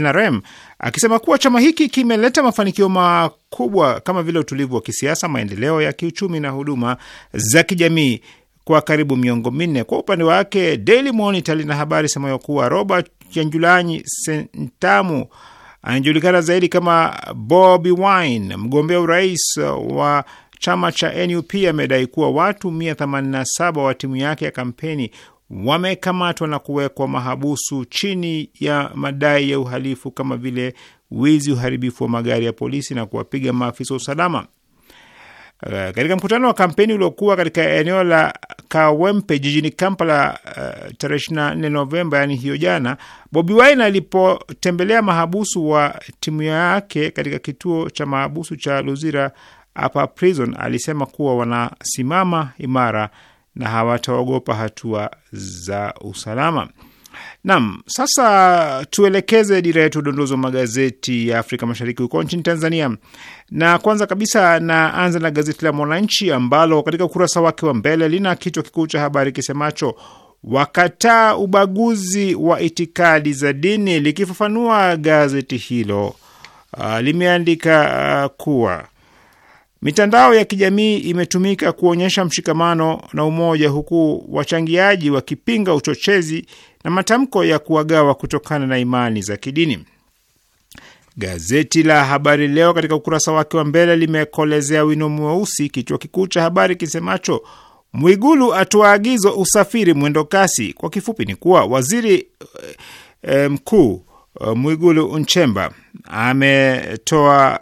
NRM akisema kuwa chama hiki kimeleta mafanikio makubwa kama vile utulivu wa kisiasa, maendeleo ya kiuchumi na huduma za kijamii kwa karibu miongo minne. Kwa upande wake, Daily Monitor lina habari semayo kuwa Robert Kyangulanyi Sentamu anajulikana zaidi kama Bobi Wine, mgombea urais wa chama cha NUP amedai kuwa watu 187 wa timu yake ya kampeni wamekamatwa na kuwekwa mahabusu chini ya madai ya uhalifu kama vile wizi, uharibifu wa magari ya polisi na kuwapiga maafisa wa usalama. Uh, katika mkutano wa kampeni uliokuwa katika eneo la Kawempe jijini Kampala uh, tarehe 24 Novemba, yani hiyo jana, Bobi Wine alipotembelea mahabusu wa timu yake katika kituo cha mahabusu cha Luzira Upper Prison, alisema kuwa wanasimama imara na hawataogopa hatua za usalama. Nam, sasa tuelekeze dira yetu udondozi wa magazeti ya Afrika Mashariki huko nchini Tanzania, na kwanza kabisa naanza na gazeti la Mwananchi ambalo katika ukurasa wake wa mbele lina kichwa kikuu cha habari kisemacho wakataa ubaguzi wa itikadi za dini. Likifafanua, gazeti hilo uh, limeandika uh, kuwa Mitandao ya kijamii imetumika kuonyesha mshikamano na umoja, huku wachangiaji wakipinga uchochezi na matamko ya kuwagawa kutokana na imani za kidini. Gazeti la Habari Leo katika ukurasa wake wa mbele limekolezea wino mweusi kichwa kikuu cha habari kisemacho Mwigulu atoa agizo usafiri mwendo kasi. Kwa kifupi ni kuwa waziri e, mkuu eh, Mwigulu Nchemba ametoa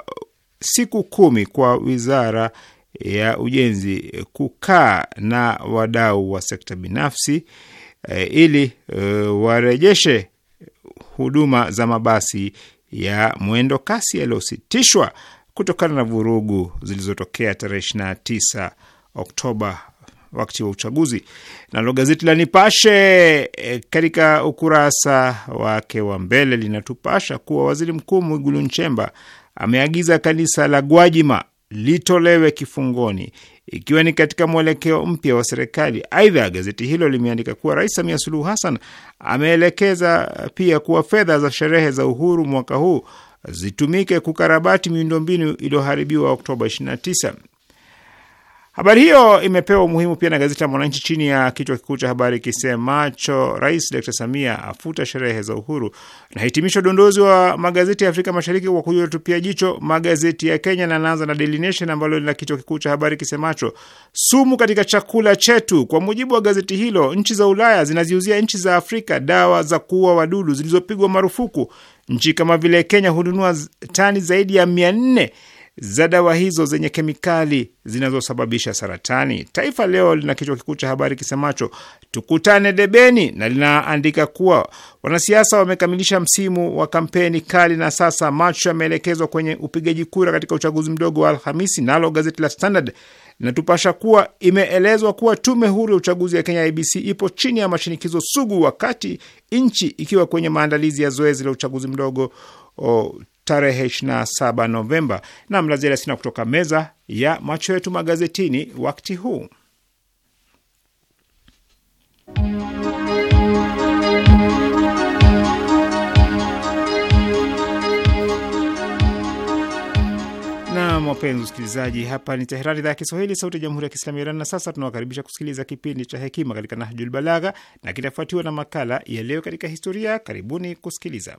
siku kumi kwa wizara ya ujenzi eh, kukaa na wadau wa sekta binafsi e, ili e, warejeshe huduma za mabasi ya mwendo kasi yaliyositishwa kutokana na vurugu zilizotokea tarehe 29 Oktoba wakati wa uchaguzi. Nalo gazeti la Nipashe katika ukurasa wake wa mbele linatupasha kuwa waziri mkuu Mwigulu Nchemba ameagiza kanisa la Gwajima litolewe kifungoni ikiwa ni katika mwelekeo mpya wa serikali. Aidha, gazeti hilo limeandika kuwa Rais Samia Suluhu Hassan ameelekeza pia kuwa fedha za sherehe za uhuru mwaka huu zitumike kukarabati miundombinu iliyoharibiwa Oktoba 29. Habari hiyo imepewa umuhimu pia na gazeti la Mwananchi chini ya kichwa kikuu cha habari kisemacho Rais Dr Samia afuta sherehe za uhuru, na hitimisho udondozi wa magazeti ya Afrika Mashariki kwa kuyotupia jicho magazeti ya Kenya, na naanza na Daily Nation ambalo lina kichwa kikuu cha habari kisemacho sumu katika chakula chetu. Kwa mujibu wa gazeti hilo, nchi za Ulaya zinaziuzia nchi za Afrika dawa za kuua wadudu zilizopigwa marufuku. Nchi kama vile Kenya hununua tani zaidi ya mia nne za dawa hizo zenye kemikali zinazosababisha saratani. Taifa Leo lina kichwa kikuu cha habari kisemacho tukutane debeni, na linaandika kuwa wanasiasa wamekamilisha msimu wa kampeni kali na sasa macho yameelekezwa kwenye upigaji kura katika uchaguzi mdogo wa Alhamisi. Nalo gazeti la Standard natupasha kuwa imeelezwa kuwa tume huru ya uchaguzi ya Kenya IBC ipo chini ya mashinikizo sugu, wakati nchi ikiwa kwenye maandalizi ya zoezi la uchaguzi mdogo o, tarehe 27 Novemba. Na mlazia sina kutoka meza ya macho yetu magazetini wakati huu. Nam, wapenzi usikilizaji, hapa ni Teherani, idhaa ya Kiswahili, sauti ya jamhuri ya kiislamu ya Iran. Na sasa tunawakaribisha kusikiliza kipindi cha hekima katika Nahjul Balagha, na kitafuatiwa na makala ya leo katika historia. Karibuni kusikiliza.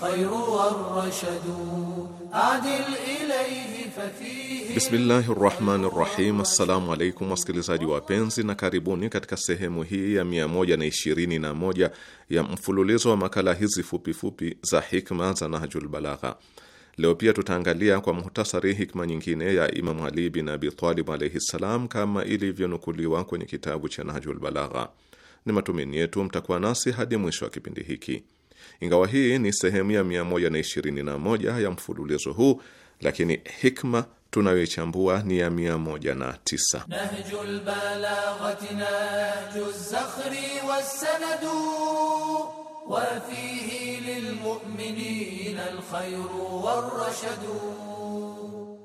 خير والرشد Bismillahi rahmani rahim. Assalamu alaikum wasikilizaji wapenzi, na karibuni katika sehemu hii ya 121 ya mfululizo wa makala hizi fupifupi fupi za hikma za Nahjul Balagha. Leo pia tutaangalia kwa muhtasari hikma nyingine ya Imamu Ali bin Abi Talib alaihi ssalam, kama ilivyonukuliwa kwenye kitabu cha Nahjul Balagha. Ni matumaini yetu mtakuwa nasi hadi mwisho wa kipindi hiki. Ingawa hii ni sehemu ya 121 ya mfululizo huu, lakini hikma tunayoichambua ni ya 109.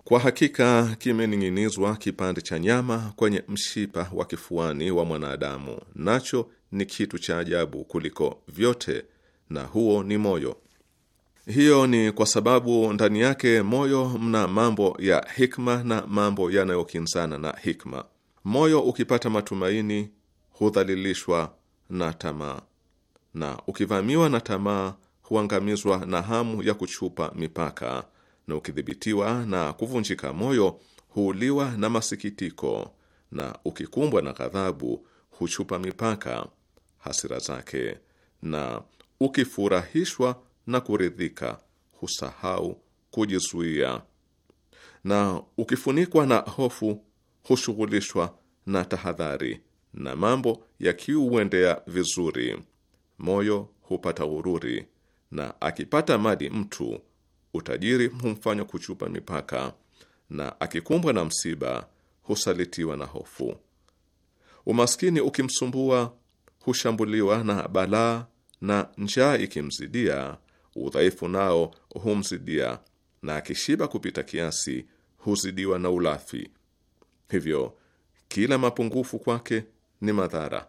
kwa hakika kimening'inizwa kipande cha nyama kwenye mshipa wa kifuani wa mwanadamu, nacho ni kitu cha ajabu kuliko vyote na huo ni moyo. Hiyo ni kwa sababu ndani yake moyo mna mambo ya hikma na mambo yanayokinzana na hikma. Moyo ukipata matumaini hudhalilishwa na tamaa, na ukivamiwa na tamaa huangamizwa na hamu ya kuchupa mipaka, na ukidhibitiwa na kuvunjika moyo huuliwa na masikitiko, na ukikumbwa na ghadhabu huchupa mipaka hasira zake na ukifurahishwa na kuridhika husahau kujizuia, na ukifunikwa na hofu hushughulishwa na tahadhari, na mambo yakiuendea vizuri moyo hupata ghururi, na akipata mali mtu utajiri humfanywa kuchupa mipaka, na akikumbwa na msiba husalitiwa na hofu. Umaskini ukimsumbua hushambuliwa na balaa na njaa ikimzidia udhaifu nao humzidia, na akishiba kupita kiasi huzidiwa na ulafi. Hivyo kila mapungufu kwake ni madhara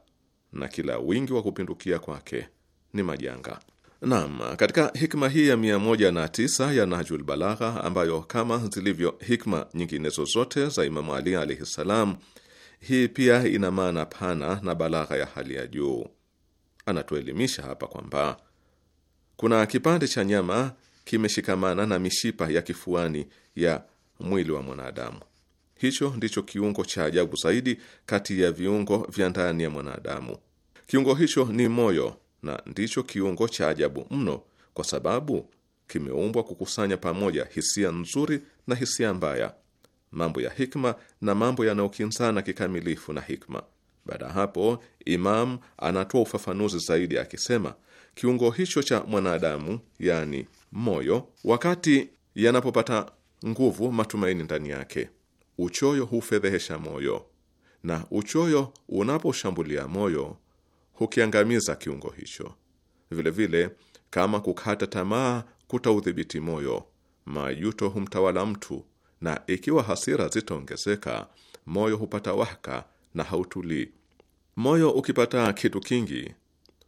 na kila wingi wa kupindukia kwake ni majanga. Naam, katika hikma hii ya 19 ya Nahjul Balagha, ambayo kama zilivyo hikma nyingine zozote za Imamu Ali alaihi ssalam, hii pia ina maana pana na balagha ya hali ya juu anatuelimisha hapa kwamba kuna kipande cha nyama kimeshikamana na mishipa ya kifuani ya mwili wa mwanadamu. Hicho ndicho kiungo cha ajabu zaidi kati ya viungo vya ndani ya mwanadamu. Kiungo hicho ni moyo, na ndicho kiungo cha ajabu mno, kwa sababu kimeumbwa kukusanya pamoja hisia nzuri na hisia mbaya, mambo ya hikma na mambo yanayokinzana kikamilifu na hikma. Baada ya hapo, Imam anatoa ufafanuzi zaidi akisema, kiungo hicho cha mwanadamu, yani moyo, wakati yanapopata nguvu matumaini ndani yake, uchoyo hufedhehesha moyo, na uchoyo unaposhambulia moyo hukiangamiza kiungo hicho. Vilevile vile, kama kukata tamaa kutaudhibiti moyo, majuto humtawala mtu, na ikiwa hasira zitaongezeka, moyo hupata wahaka na hautulii. Moyo ukipata kitu kingi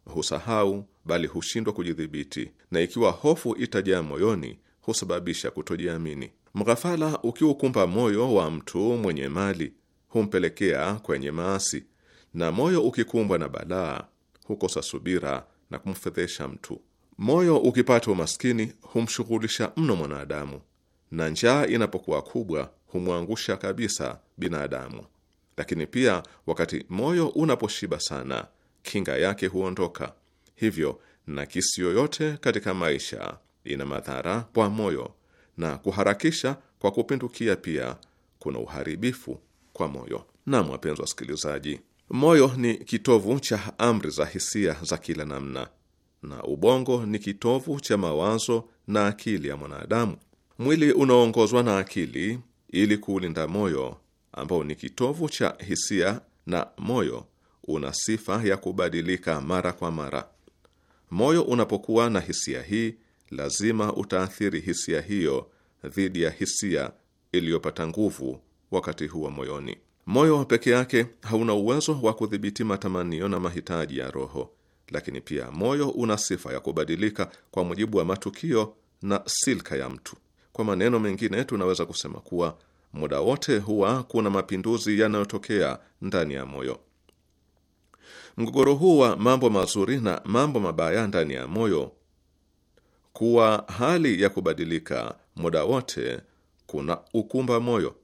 husahau, bali hushindwa kujidhibiti, na ikiwa hofu itajaa moyoni husababisha kutojiamini. Mghafala ukiukumba moyo wa mtu mwenye mali humpelekea kwenye maasi, na moyo ukikumbwa na balaa hukosa subira na kumfedhesha mtu. Moyo ukipata umaskini humshughulisha mno mwanadamu, na njaa inapokuwa kubwa humwangusha kabisa binadamu. Lakini pia wakati moyo unaposhiba sana, kinga yake huondoka. Hivyo nakisi yoyote katika maisha ina madhara kwa moyo, na kuharakisha kwa kupindukia pia kuna uharibifu kwa moyo. Naam, wapenzi wasikilizaji, moyo ni kitovu cha amri za hisia za kila namna, na ubongo ni kitovu cha mawazo na akili ya mwanadamu. Mwili unaongozwa na akili ili kuulinda moyo ambao ni kitovu cha hisia na moyo, una sifa ya kubadilika mara kwa mara. Moyo unapokuwa na hisia hii, lazima utaathiri hisia hiyo dhidi ya hisia iliyopata nguvu wakati huo moyoni. Moyo peke yake hauna uwezo wa kudhibiti matamanio na mahitaji ya roho, lakini pia moyo una sifa ya kubadilika kwa mujibu wa matukio na silka ya mtu. Kwa maneno mengine, tunaweza kusema kuwa muda wote huwa kuna mapinduzi yanayotokea ndani ya moyo. Mgogoro huu wa mambo mazuri na mambo mabaya ndani ya moyo kuwa hali ya kubadilika muda wote kuna ukumba moyo.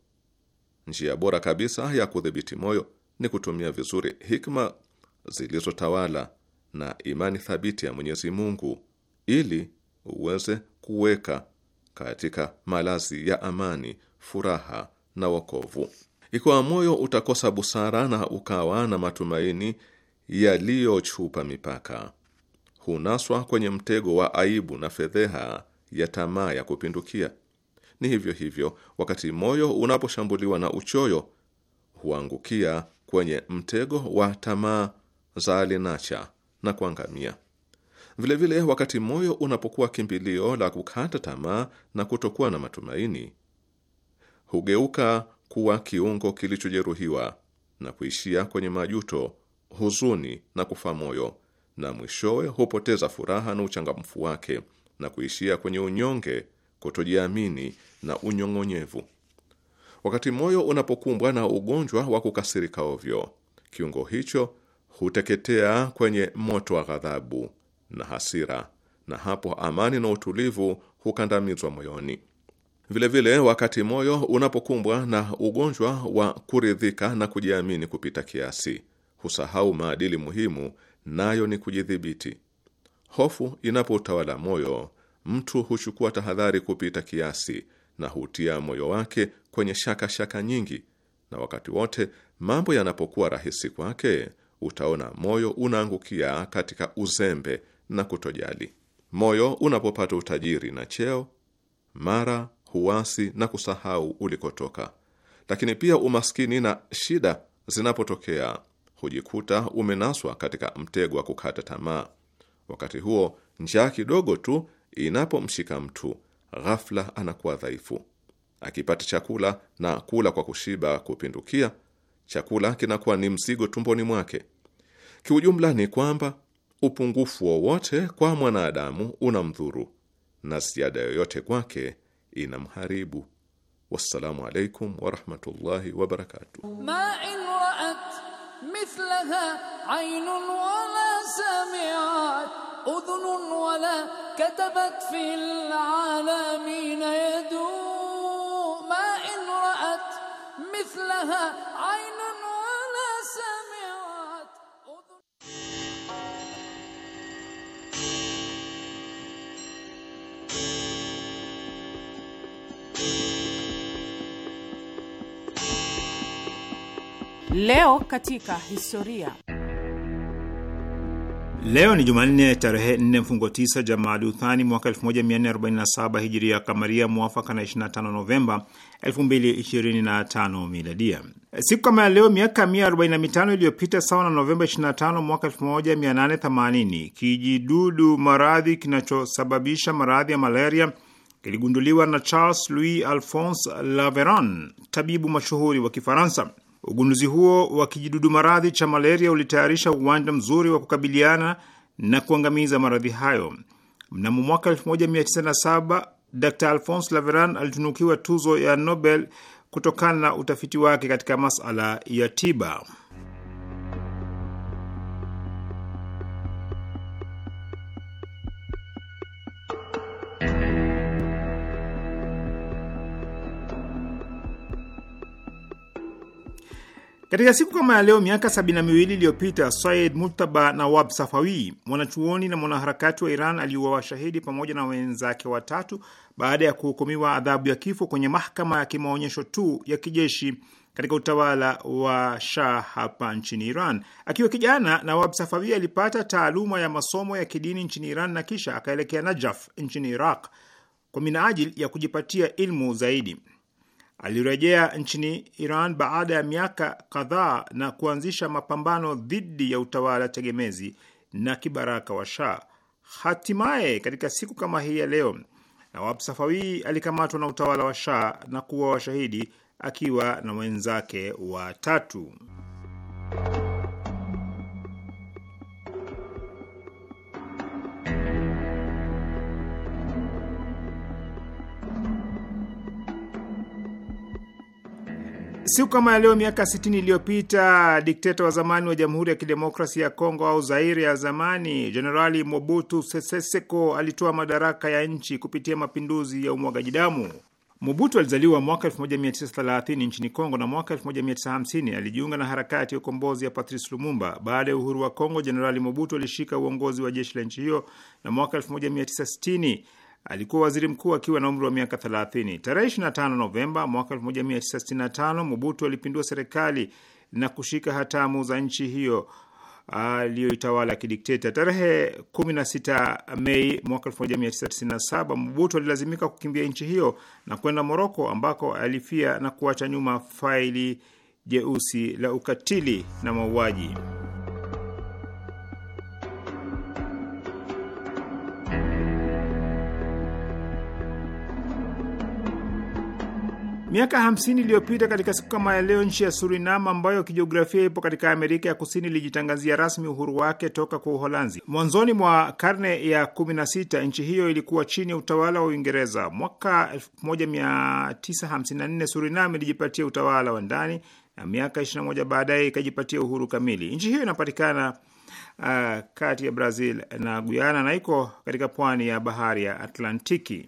Njia bora kabisa ya kudhibiti moyo ni kutumia vizuri hikma zilizotawala na imani thabiti ya Mwenyezi Mungu ili uweze kuweka katika malazi ya amani furaha na wokovu. Ikiwa moyo utakosa busara na ukawa na matumaini yaliyochupa mipaka, hunaswa kwenye mtego wa aibu na fedheha ya tamaa ya kupindukia. Ni hivyo hivyo, wakati moyo unaposhambuliwa na uchoyo, huangukia kwenye mtego wa tamaa za alinacha na kuangamia. Vilevile, wakati moyo unapokuwa kimbilio la kukata tamaa na kutokuwa na matumaini, hugeuka kuwa kiungo kilichojeruhiwa na kuishia kwenye majuto, huzuni na kufa moyo, na mwishowe hupoteza furaha na uchangamfu wake na kuishia kwenye unyonge, kutojiamini na unyong'onyevu. Wakati moyo unapokumbwa na ugonjwa wa kukasirika ovyo, kiungo hicho huteketea kwenye moto wa ghadhabu na hasira, na hapo amani na utulivu hukandamizwa moyoni. Vilevile vile, wakati moyo unapokumbwa na ugonjwa wa kuridhika na kujiamini kupita kiasi, husahau maadili muhimu, nayo ni kujidhibiti. Hofu inapoutawala moyo, mtu huchukua tahadhari kupita kiasi na hutia moyo wake kwenye shaka shaka nyingi, na wakati wote mambo yanapokuwa rahisi kwake, utaona moyo unaangukia katika uzembe na kutojali. Moyo unapopata utajiri na cheo, mara huwasi na kusahau ulikotoka. Lakini pia umaskini na shida zinapotokea, hujikuta umenaswa katika mtego wa kukata tamaa. Wakati huo njaa kidogo tu inapomshika mtu, ghafla anakuwa dhaifu. Akipata chakula na kula kwa kushiba kupindukia, chakula kinakuwa ni mzigo tumboni mwake. Kiujumla ni kwamba upungufu wowote kwa mwanadamu una mdhuru na ziada yoyote kwake inamharibu. Wassalamu alaikum warahmatullahi wabarakatuh. ma in raat mithlaha aynun wala samiat udhunun wala katabat fil alamin yadu ma in raat mithlaha aynun Leo katika historia. Leo ni Jumanne tarehe 4 mfungo 9 Jamadi Uthani mwaka 1447 hijiria kamaria, mwafaka na 25 Novemba 2025 miladia. Siku kama ya leo miaka 145 iliyopita, sawa na Novemba 25 mwaka 1880, kijidudu maradhi kinachosababisha maradhi ya malaria kiligunduliwa na Charles Louis Alphonse Laveran, tabibu mashuhuri wa Kifaransa. Ugunduzi huo wa kijidudu maradhi cha malaria ulitayarisha uwanja mzuri wa kukabiliana na kuangamiza maradhi hayo. Mnamo mwaka 197 Dr Alphonse Laveran alitunukiwa tuzo ya Nobel kutokana na utafiti wake katika masala ya tiba. Katika siku kama ya leo miaka sabini na miwili iliyopita Said Murtaba Nawab Safawi, mwanachuoni na mwanaharakati wa Iran, aliuawa shahidi pamoja na wenzake watatu baada ya kuhukumiwa adhabu ya kifo kwenye mahakama ya kimaonyesho tu ya kijeshi katika utawala wa Shah hapa nchini Iran. Akiwa kijana, Nawab Safawi alipata taaluma ya masomo ya kidini nchini Iran na kisha akaelekea Najaf nchini Iraq kwa minajili ya kujipatia ilmu zaidi. Alirejea nchini Iran baada ya miaka kadhaa na kuanzisha mapambano dhidi ya utawala tegemezi na kibaraka wa Shah. Hatimaye katika siku kama hii ya leo, Nawab Safawi alikamatwa na utawala wa Shah na kuwa washahidi akiwa na wenzake watatu. Siku kama ya leo miaka 60 iliyopita dikteta wa zamani wa Jamhuri ya Kidemokrasia ya Kongo au Zaire ya zamani, Jenerali Mobutu Sese Seko alitoa madaraka ya nchi kupitia mapinduzi ya umwagaji damu. Mobutu alizaliwa mwaka 1930 nchini Kongo na mwaka 1950 alijiunga na harakati ya ukombozi ya Patrice Lumumba. Baada ya uhuru wa Kongo, Jenerali Mobutu alishika uongozi wa jeshi la nchi hiyo na mwaka 1960 alikuwa waziri mkuu akiwa na umri wa miaka 30. Tarehe 25 Novemba mwaka 1965 Mobutu alipindua serikali na kushika hatamu za nchi hiyo aliyoitawala kidikteta. Tarehe 16 Mei mwaka 1997 Mobutu alilazimika kukimbia nchi hiyo na kwenda Moroko ambako alifia na kuacha nyuma faili jeusi la ukatili na mauaji. Miaka 50 iliyopita katika siku kama ya leo, nchi ya Surinam ambayo kijiografia ipo katika Amerika ya Kusini ilijitangazia rasmi uhuru wake toka kwa Uholanzi. Mwanzoni mwa karne ya 16 nchi hiyo ilikuwa chini ya utawala wa Uingereza. Mwaka 1954 Surinam ilijipatia utawala wa ndani na miaka 21 baadaye ikajipatia uhuru kamili. Nchi hiyo inapatikana uh, kati ya Brazil na Guyana na iko katika pwani ya bahari ya Atlantiki.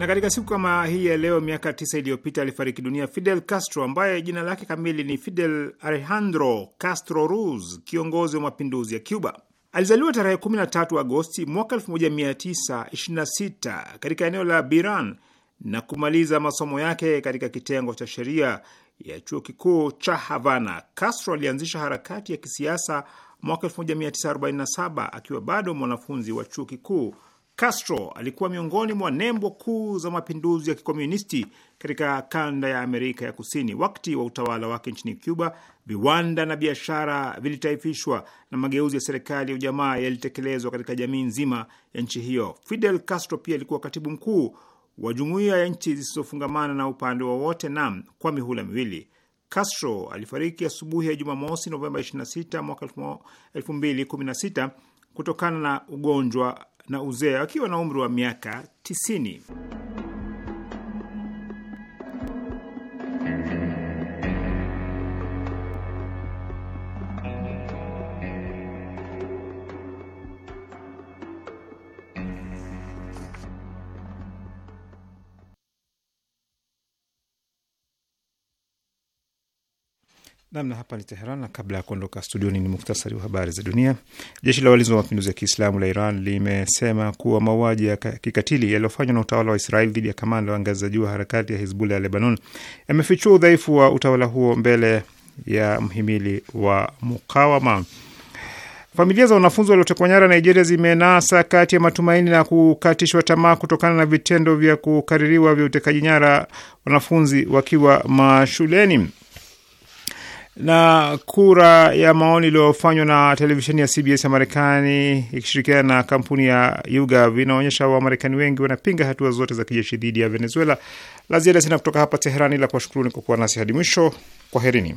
Na katika siku kama hii ya leo miaka tisa iliyopita alifariki dunia Fidel Castro ambaye jina lake kamili ni Fidel Alejandro Castro Ruz, kiongozi wa mapinduzi ya Cuba. Alizaliwa tarehe 13 Agosti mwaka 1926 katika eneo la Biran na kumaliza masomo yake katika kitengo cha sheria ya chuo kikuu cha Havana. Castro alianzisha harakati ya kisiasa mwaka 1947 akiwa bado mwanafunzi wa chuo kikuu Castro alikuwa miongoni mwa nembo kuu za mapinduzi ya kikomunisti katika kanda ya Amerika ya Kusini. Wakati wa utawala wake nchini Cuba, viwanda na biashara vilitaifishwa na mageuzi ya serikali ya ujamaa yalitekelezwa katika jamii nzima ya nchi hiyo. Fidel Castro pia alikuwa katibu mkuu wa Jumuiya ya Nchi Zisizofungamana na upande wowote nam kwa mihula miwili. Castro alifariki asubuhi ya Jumamosi, Novemba 26 mwaka 2016 kutokana na ugonjwa na uzee akiwa na umri wa miaka 90. Namna hapa ni Teheran, na kabla ya kuondoka studioni ni muktasari wa habari za dunia. Jeshi la walinzi wa mapinduzi ya Kiislamu la Iran limesema kuwa mauaji ya kikatili yaliyofanywa na utawala wa Israeli dhidi ya kamanda wa ngazi za juu wa harakati ya Hizbullah ya Lebanon yamefichua udhaifu wa utawala huo mbele ya mhimili wa mukawama. Familia za wanafunzi waliotekwa nyara Nigeria zimenasa kati ya matumaini na kukatishwa tamaa kutokana na vitendo vya kukaririwa vya utekaji nyara wanafunzi wakiwa mashuleni na kura ya maoni iliyofanywa na televisheni ya CBS ya Marekani ikishirikiana na kampuni ya YouGov inaonyesha Wamarekani wengi wanapinga hatua zote za kijeshi dhidi ya Venezuela. La ziada sina kutoka hapa Teherani, ila kuwashukuruni kwa kuwa nasi hadi mwisho. Kwaherini.